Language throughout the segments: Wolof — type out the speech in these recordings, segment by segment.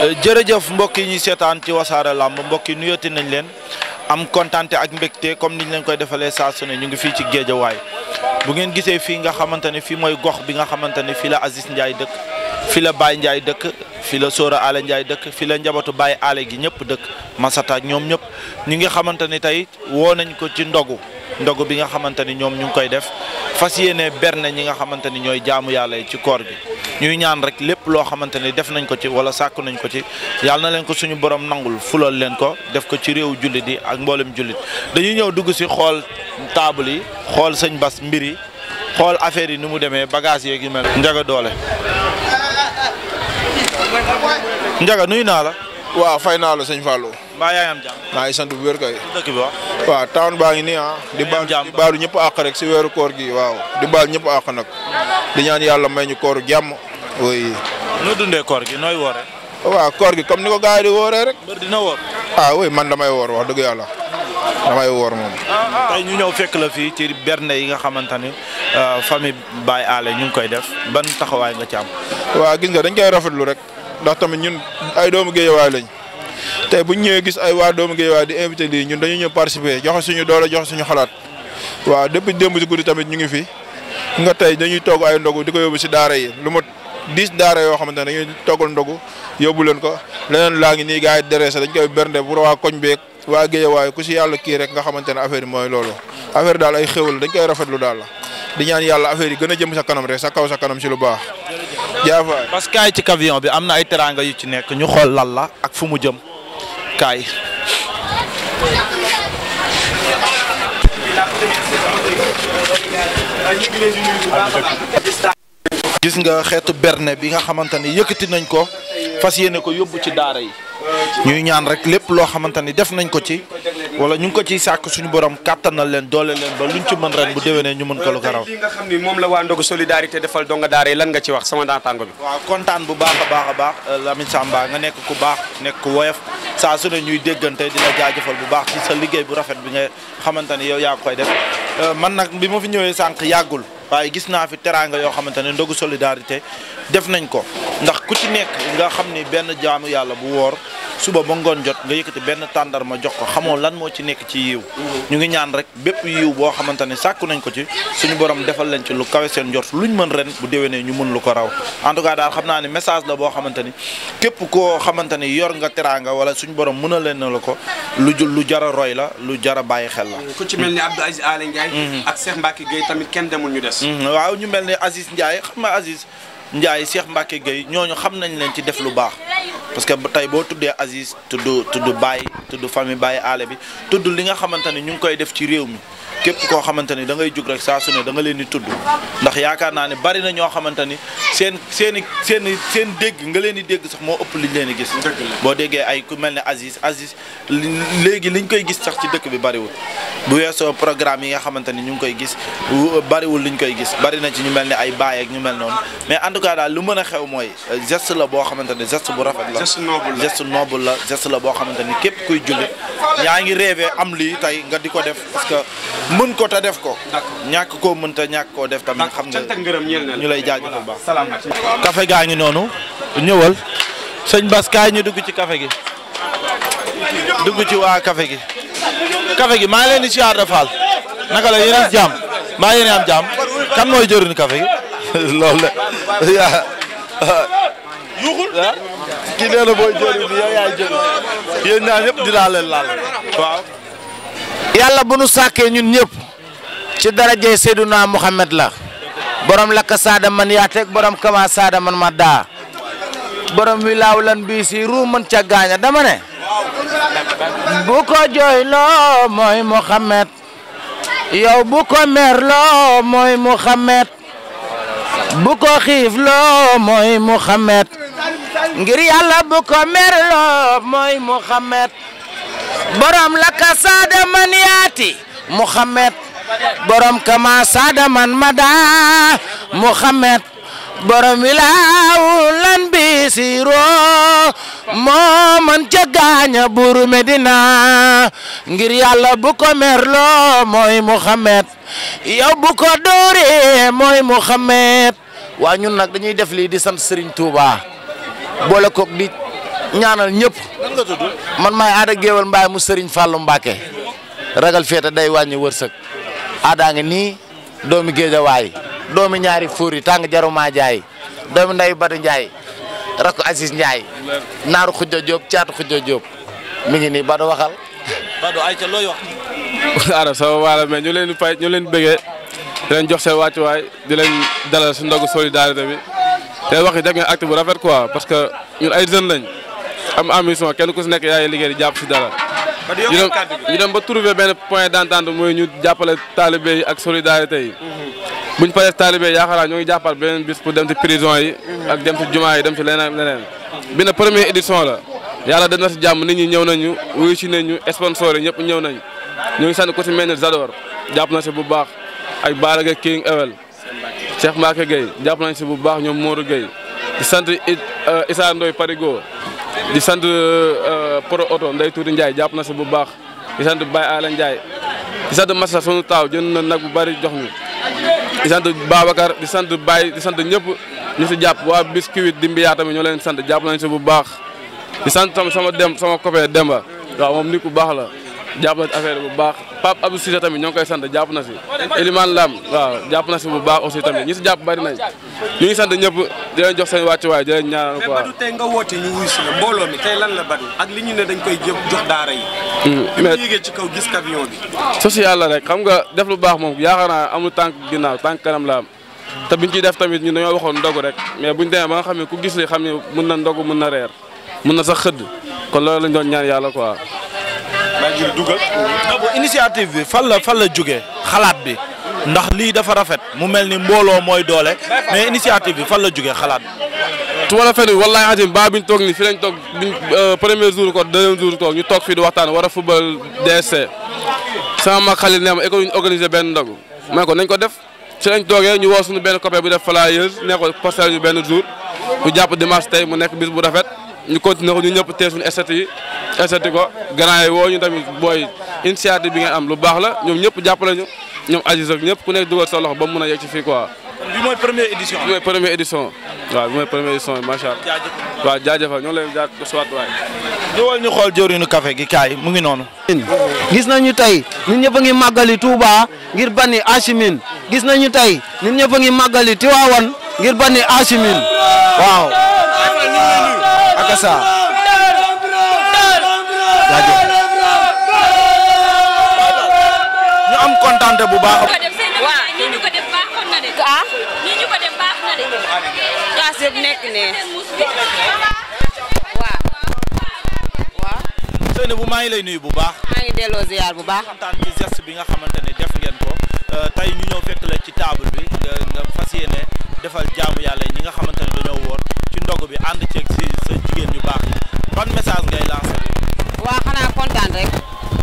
Euh, jërëjëf mbokk yi ñuy seetaan ci wasaare làmb mbokk yi nuyooti nañ leen am kontante ak mbégte comme niñ leen koy defalee saa su ne ñu ngi fii ci géejawaay bu ngeen gisee fii nga xamante ne fii mooy gox bi nga xamante ne fii la Aziz Ndiaye dëkk fii la Baye Ndiaye dëkk fii la Sora Ale Ndiaye dëkk fii la njabootu Baye Ale gi ñëpp dëkk Masata ñoom ñëpp ñi nga xamante ne tey woo nañ ko ci ndogu ndogu bi nga xamante ni ñoom ñu ngi koy def fas yéene berne ñi nga xamante ni ñooy jaamu yàlla yi ci koor gi ñuy ñaan rek lépp loo xamante ni def nañ ko ci wala sàkku nañ ko ci yàlla na leen ko suñu borom nangul fulal leen ko def ko ci réew jullit yi ak mboolem jullit dañuy ñëw dugg si xool taabal yi xool sañ bas mbir yi xool affaire yi ni mu demee bagage yeeg yu mel njaga doole njaga nuyu naa la waaw fay naa la sëñ Fallou mbaa yaa ngi am maa ngi sant bu wér kay. waa bi baa ngi nii ah. a di baal di baalu ñëpp rek si weeru koor gi waaw di baal ñëpp àq nag. di ñaan yàlla ma ñu koor jàmm. oui. noo dundee koor gi nooy wooree. waaw koor gi comme ni ko gars yi wooree rek. mbër dina woor. ah oui man damay woor wax dëgg yàlla. damay woor ma tey ñu ñëw fekk la fii ci bernde yi nga xamante ni euh, famille Baye Alé ñu ngi koy def ban taxawaay nga ci am. waaw gis nga dañ koy rafetlu rek ndax tamit ñun ay doomu géejawaay lañ tey bu ñu ñëwee gis ay waa doomu Guédiawaye di invité lii ñu dañu ñëw participer joxe suñu doole joxe suñu xalaat waaw depuis démb si guddi tamit ñu ngi fi nga tey dañuy togg ay ndogu di ko yóbbu si daara yi lu ma dix daara yoo xamante ne dañuy toggal ndogu leen ko leneen laa ngi nii gars yi dereese dañ koy bernde pour waa koñ beeg waa Guédiawaye ku si yàlla kii rek nga xamante ne affaire yi mooy loolu affaire daal ay xéwal dañ koy rafetlu daal la di ñaan yàlla affaire yi gën a jëm sa kanam rek sa kaw sa kanam si lu baax jaafaay parce que ci camion bi am na ay teranga yu ci nekk ñu xool lan la ak fu mu jëm kaay gis nga xeetu berne bi nga xamante ni yëkkati nañ ko fas yéene ko yóbbu ci daara yi ñuy ñaan rek lépp loo xamante ni def nañ ko ci wala ñu ngi ko ciy sàkk suñu borom kàttanal leen doole leen ba luñ ci mën ren bu déwénee ñu mën ko lu garaw moom la waa ndogu solidarité defal donga daara yi lan nga ci wax sama naataango bi waaw kontaan bu baax a baax a baax euh, Lamine nga nekk ku baax nekk ku woyof saa su ne ñuy déggante di la bu baax ci sa liggéey bu rafet bi nga xamante ni yow yaa koy def euh, man nag bi ma fi ñëwee sànq yàggul waaye gis naa fi teraanga yoo xamante ne ndogu solidarité def nañ ko ndax ku ci nekk nga xam ni benn jaamu yàlla bu woor suba ba ngoon jot nga yëkkati benn tàndar jox ko xamoo lan moo ci nekk ci yiw ñu ngi ñaan rek bépp yiw boo xamante ne sàkku nañ ko ci suñu borom defal leen ci lu kawe seen lu ñu mën ren bu déwénee ñu mën lu ko raw en tout cas daal xam naa ne message la boo xamante ni képp koo xamante ni yor nga teraanga wala suñu borom mën a leen na ko lu lu jar roy la lu jar a bàyyi xel la ku ci mel ni Abdou Aziz Aly Ndiaye mm-hmm. ak tamit kenn demul ñu des Mhm, waaw ñu mel ne Aziz Ndiaye xam nga Aziz Ndiaye Cheikh Mbacke Gueye ñooñu xam nañ leen ci def lu baax parce que tey boo tuddee Aziz tudd tudd Baye tudd famille Baye aale bi tuddu li nga xamante ne ñu ngi koy def ci réew mi képp koo xamante ni da ngay jug rek saa su ne da nga leen di tudd ndax yaakaar naa ne bari na ñoo xamante ni seen seen seen seen dégg nga leen di dégg sax moo ëpp liñ leen di gis boo déggee ay ku mel ni ne Aziz Aziz léegi liñ koy gis sax ci dëkk bi bariwul bu weesoo programme yi nga xamante ni ñu ngi koy gis bariwul liñ koy gis bari na ci ñu mel ne ay baay ak ñu mel noonu mais en tout cas daal lu mën a xew mooy geste la boo xamante ni geste bu rafet la geste noble la geste la boo xamante ni képp kuy jullit mën ko te def ko. ñàkk ko mën te ñàkk ko def tamit. xam nga ñu lay jaajëfal baax. kafe gaa ngi noonu. ñëwal sëñ Bas ñu dugg ci kafe gi dugg ci waa kafe gi. kafe gi maa ngi leen di siyaar da faal naka la yéen a jàmm maa yéen am jàmm kan mooy jëriñu kafe gi loolu la. yuuxul ah. kii nee na booy jëriñ bi yow dinaa leen laal yàlla bu nu sàkkee ñun ñëpp ci darajee Seydunaa Muhammad la borom lakka saada man yaateeg borom kama saada man ma daa borom wi lan bii si ruu ca gaaña dama bu ko jooyloo mooy Muhammad yow bu ko merloo mooy Muhammad bu ko xiifloo mooy Muhammad ngir yàlla bu ko merloo mooy Muhammad borom la ka saada man yaati Muhammad borom kama saada man madaa Muhammad borom wilaawu lan bi siiroo moo man ca gaaña buuru Medina ngir yàlla bu ko merloo mooy Muhammad yow bu ko dóoree mooy Muhammad waa ñun nag dañuy def lii di sant Serigne Touba boole koog di. ñaanal ñëpp. man maay aada géwél mbaay mu sëriñ Fallou Mbacke ragal féete day wàññi wërsëg aadaa ngi nii doomi géejawaay doomi ñaari fuur yi tàng jaruma jaay doomi nday Bada Ndiaye rakk Aziz Ndiaye naaru Khoudia Diop caatu Khoudia Diop mi ngi nii Bada waxal. Bada ay ca waala mais ñu leen di fay bëggee di leen jox seen wàccuwaay di leen dalal su ndogu solidarité bi te wax yi def ngeen bu rafet quoi parce que ñun ay jeunes lañ. am ambition kenn ku si nekk yaay liggéey di jàpp si dara. ñu dem ba trouver benn point d'entente mooy ñu jàppale taalibe yi ak solidarité yi. buñ paree taalibe yi yaakaar naa ñoo ngi jàppal beneen bis pour dem si prison yi. ak dem si jumaa yi dem si leneen leneen. bi na première édition la dem na si jàmm nit ñu ñëw nañu wuyu si nañu sponsor yi ñëpp ñëw nañu. ñu ngi sant ku si mel ne Zador jàpp na si bu baax ak Balaga King Ewel Cheikh Mbacke Gueye jàpp nañ si bu baax ñoom Modou Gueye di sant uh, Issa Ndoye Parigo di sant uh, Pro Auto Ndeye Touré Ndiaye jàpp na si bu baax di sant Baye Ala Ndiaye di sant Massa sunu taaw jënd na nag bu bari jox mi di sant Babacar di sant Baye di sant ñëpp ñu si jàpp waa biscuit di mbiyaa tamit ñoo leen sant jàpp nañ si bu baax di sant tam sama dem sama copain Demba waaw moom nit ku baax la jàpp na affaire bu baax. Pape Abdou Cissé tamit ñoo ngi koy sant jàpp na si Elimane Lam waaw jàpp na si bu baax aussi tamit ñi si jàpp bari nañ ñu ngi sant ñëpp di jox seen wàccuwaay di leen ñaanal quoi. nga woote ñu wuy si la mbooloo lan la Badou ak li ñu ne dañ koy jëm jox daara yi. Hmm, ci kaw gis camion bi. social la rek xam nga def lu baax moom yaakaar naa amul tànk ginnaaw tànk kanam la am te biñ ciy def tamit ñun dañoo waxoon ndogu rek mais buñ demee ba nga xam ne gis li xam ne mën na ndogu mën na reer mën na sax xëdd kon loolu lañ doon ñaan yàlla quoi Banjul dugal. Ah, initiative bi fan la fan la jógee xalaat bi ndax lii dafa rafet mu mel ni mbooloo mooy doole mais initiative bi fan la jógee xalaat bi. su ma la fenn wallaahi azim ba biñ toog nii fi lañ toog biñ euh, premier jour ko deuxième jour ko ñu toog fii di waxtaan war a football DSC sama mag xale ne ma école ñu organisé benn ndogu ma ko nañ ko def ci nañ toogee ñu woo suñu benn copain bu def flyers ne ko parcelle ñu benn jour ñu jàpp dimanche tey mu nekk bis bu rafet ñu continué ko ñu ñëpp eseti ko grand yi woo ñu tamit booy initiative bi nga am lu baax la ñoom ñëpp jàppale ñoom Aziz ak ñëpp ku nekk dugal soo loxo ba mu mën a yegg ci fii quoi. bi mooy première édition bi mooy première édition waaw bi mooy première édition bi waaw jaajëfal ñoo ngi leen jaajëf soit waay. ñëwal ñu xool jëriñu café gi kaay mu ngi noonu. gis nañu tey ñun ñëpp a ngi màggali Touba ngir banni Achimine gis nañu tey ñun ñëpp a ngi màggali Tiwaawan ngir banni Achimine waaw. ak sa sant bu baax. waaw ñi ah? maa ngi lay nuyu bu baax. maa ngi delloo ziar baax. kontaan ci geste bi nga xamante ne def ngeen ko euh, tey ñu ñëw fekk la ci table bi nga nga fas defal jaamu yàlla ñi nga xamante ne dañoo woor ci ndog bi ànd ceeg si sa jigéen ñu baax yi ban message ngay lancer. waaw xanaa kontaan rek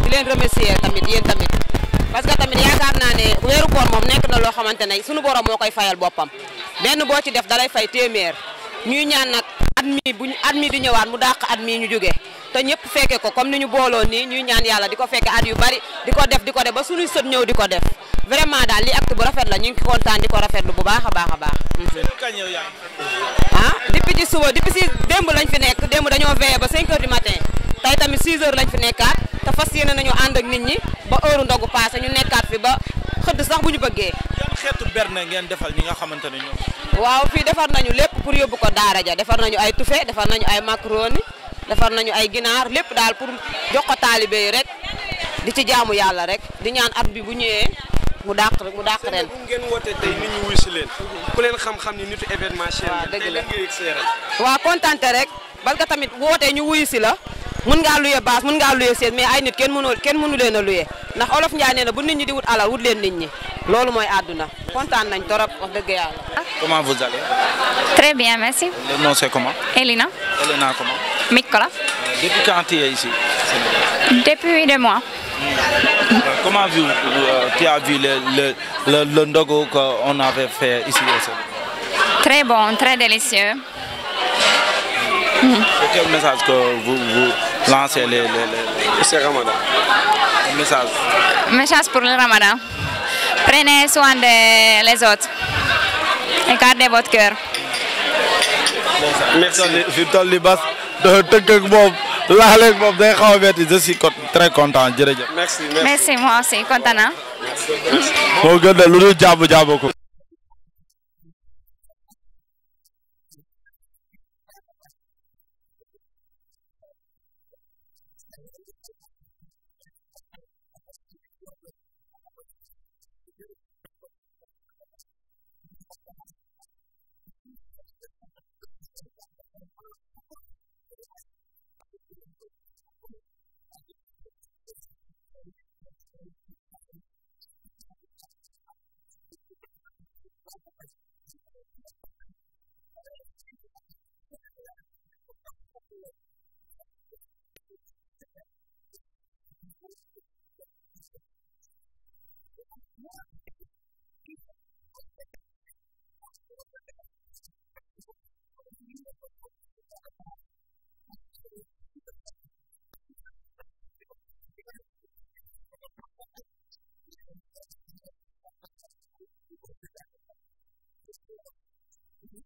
di leen remercier tamit yéen tamit. loo xamante ne suñu borom moo koy fayal boppam benn boo ci def dalay fay téeméer ñuy ñaan nag at mi buñ at mi di ñëwaat mu dàq at mi ñu jóge te ñëpp fekke ko comme ni ñu booloo nii ñuy ñaan yàlla di ko fekke at yu bari di ko def di ko def ba suñuy sët ñëw di ko def vraiment daal li acte bu rafet la ñu ngi kontaan di ko rafetlu bu baax a baax a baax. ah depuis ci suba depuis si démb lañ fi nekk demb dañoo veillé ba 5 heures du matin tey tamit 6 heures lañ fi nekkaat te fas yéene nañu ànd ak nit ñi ba heure ndogu passé ñu nekkaat fi ba xëdd sax bu ñu bëggee. yan xeetu berne ngeen defal ñi nga xamante ne ñoom. waaw fii defar nañu lépp pour yóbbu ko daara ja defar nañu ay tufe defar nañu ay macaroni defar nañu ay ginaar lépp daal pour jox ko taalibe yi rek di ci jaamu yàlla rek di ñaan at bi bu ñëwee mu dàq rek mu dàq ren. bu ngeen wootee leen. ku leen xam-xam dëgg la waaw kontante rek parce que tamit woote ñu wuyu si la mun nga luye baas mun ngaa luye seen mais ay nit kenn mënoo kenn mënu leen a luye ndax olof Ndiaye nee bu nit ñi di wut alal wut leen nit ñi loolu mooy àdduna kontaan nañ torop wax dëgg yàlla. comment vous allez. très bien merci. Mikkola. Depuis quand tu es hmm. euh, vu, le, le, qu'on avait fait ici Très bon, très délicieux. Hmm. C'est quel message que vous, lancez les, les, les... C'est Ramadan. message. pour le Ramadan. Prenez soin des de autres et gardez votre cœur. tëkk ak moom laaleeg moom day xaw a metti je suis très jërëjëf. merci merci merci moi moo gën lu dul jàmm jàmm ko. Mm-hmm.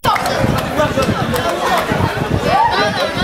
Stop!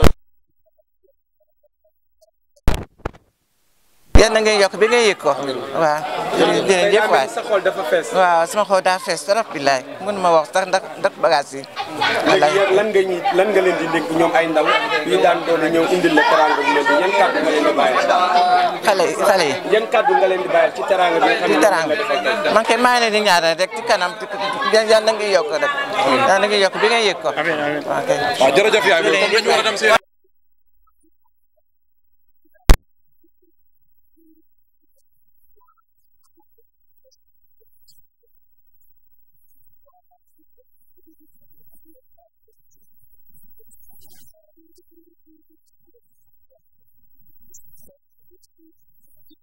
yal na ngay yokk bi ngay yëg ko waaw jërëjëf waay waaw sama xol daa fees trop billaay mun ma wax sax ndax ndax bagage yi léegi lan nga ñuy lan nga leen di ñoom ay ndaw yu daan doon ñëw indil la teranga bi léegi xale yi yi yan kàddu nga leen di bàyyil ci teranga man kay maa ngi leen di ñaanal rek ci kanam yal na ngay yokk rek yal na yëg ko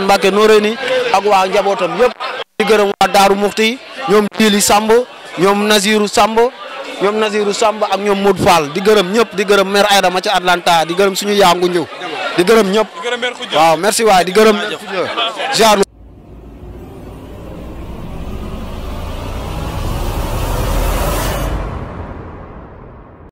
Mbàkke Noreyni ak waa njabootam yëpp di gërëm waa Daaru Muxti ñoom Jili Samb ñoom Naziru Samb ñoom Naziru Samb ak ñoom Modou Fall di gërëm ñëpp di gërëm maire Aïda ma ca Atlanta di gërëm suñu yaangu ñëw di gërëm ñëpp waaw merci waay di gërëm jaar